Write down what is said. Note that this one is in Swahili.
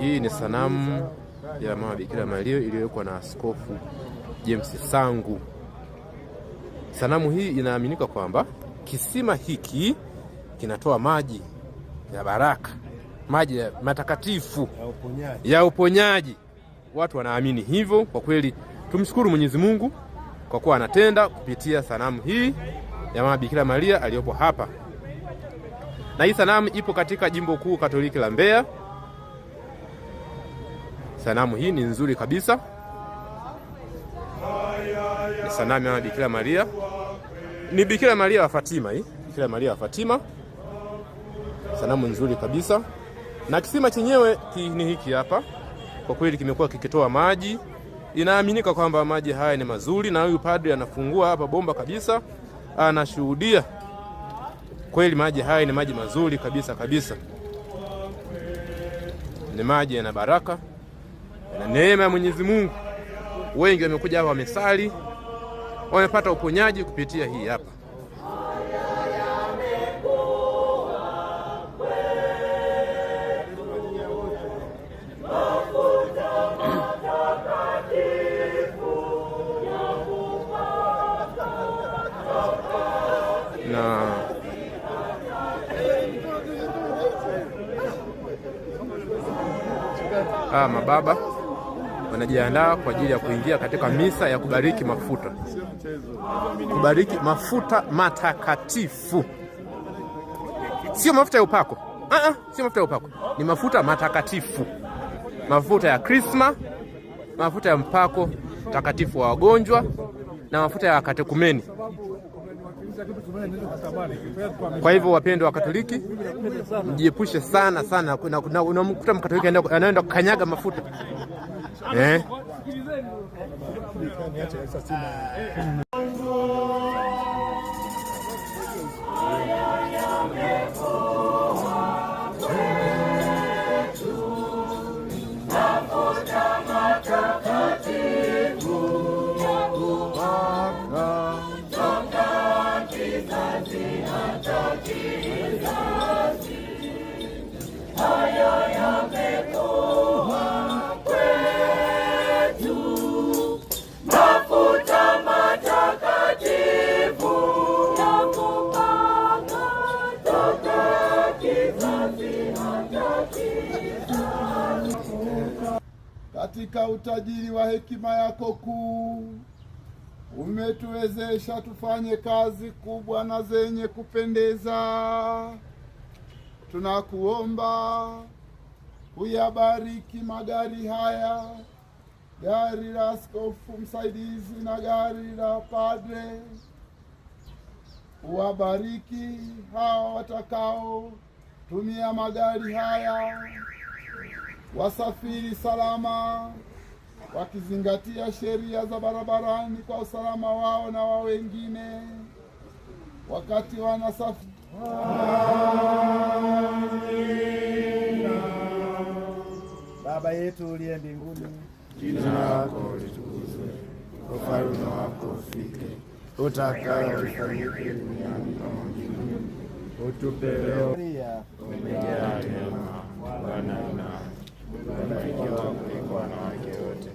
Hii ni sanamu ya Mama Bikira Maria iliyowekwa na Askofu James Sangu. Sanamu hii inaaminika kwamba kisima hiki kinatoa maji ya baraka, maji ya matakatifu ya uponyaji, ya uponyaji. Watu wanaamini hivyo. Kwa kweli tumshukuru Mwenyezi Mungu kwa kuwa anatenda kupitia sanamu hii ya Mama Bikira Maria aliyopo hapa, na hii sanamu ipo katika jimbo kuu Katoliki la Mbeya. Sanamu hii ni nzuri kabisa, ni sanamu ya Bikira Maria, ni Bikira Maria wa Fatima. Hii Bikira Maria wa Fatima, sanamu nzuri kabisa, na kisima chenyewe ni hiki hapa. Kwa kweli kimekuwa kikitoa maji, inaaminika kwamba maji haya ni mazuri, na huyu padri anafungua hapa bomba kabisa, anashuhudia kweli maji haya ni maji mazuri kabisa kabisa, ni maji yana baraka na neema ya Mwenyezi Mungu, wengi wamekuja hapa, wamesali, wamepata uponyaji kupitia hii hapa. na ah, mababa wanajiandaa kwa ajili ya kuingia katika misa ya kubariki mafuta, kubariki mafuta matakatifu, sio mafuta ya upako. Aa, sio mafuta ya upako, ni mafuta matakatifu, mafuta ya krisma, mafuta ya mpako takatifu wa wagonjwa na mafuta ya katekumeni. Kwa hivyo wapendwa wa Katoliki, mjiepushe sana sana. Unamkuta Mkatoliki anaenda kukanyaga mafuta eh? Ah, katika utajiri wa hekima yako kuu umetuwezesha tufanye kazi kubwa na zenye kupendeza. Tunakuomba huyabariki magari haya, gari la askofu msaidizi na gari la padre. Uwabariki hawa watakao tumia magari haya wasafiri salama wakizingatia sheria za barabarani kwa usalama wao na wa wengine wakati wanasafiri. Baba yetu uliye mbinguni, jina lako litukuzwe, ufalme wako ufike, utakalo lifanyike duniani kama mbinguni. Utupe leo umejalia mema, Bwana mbarikiwa wanawake wote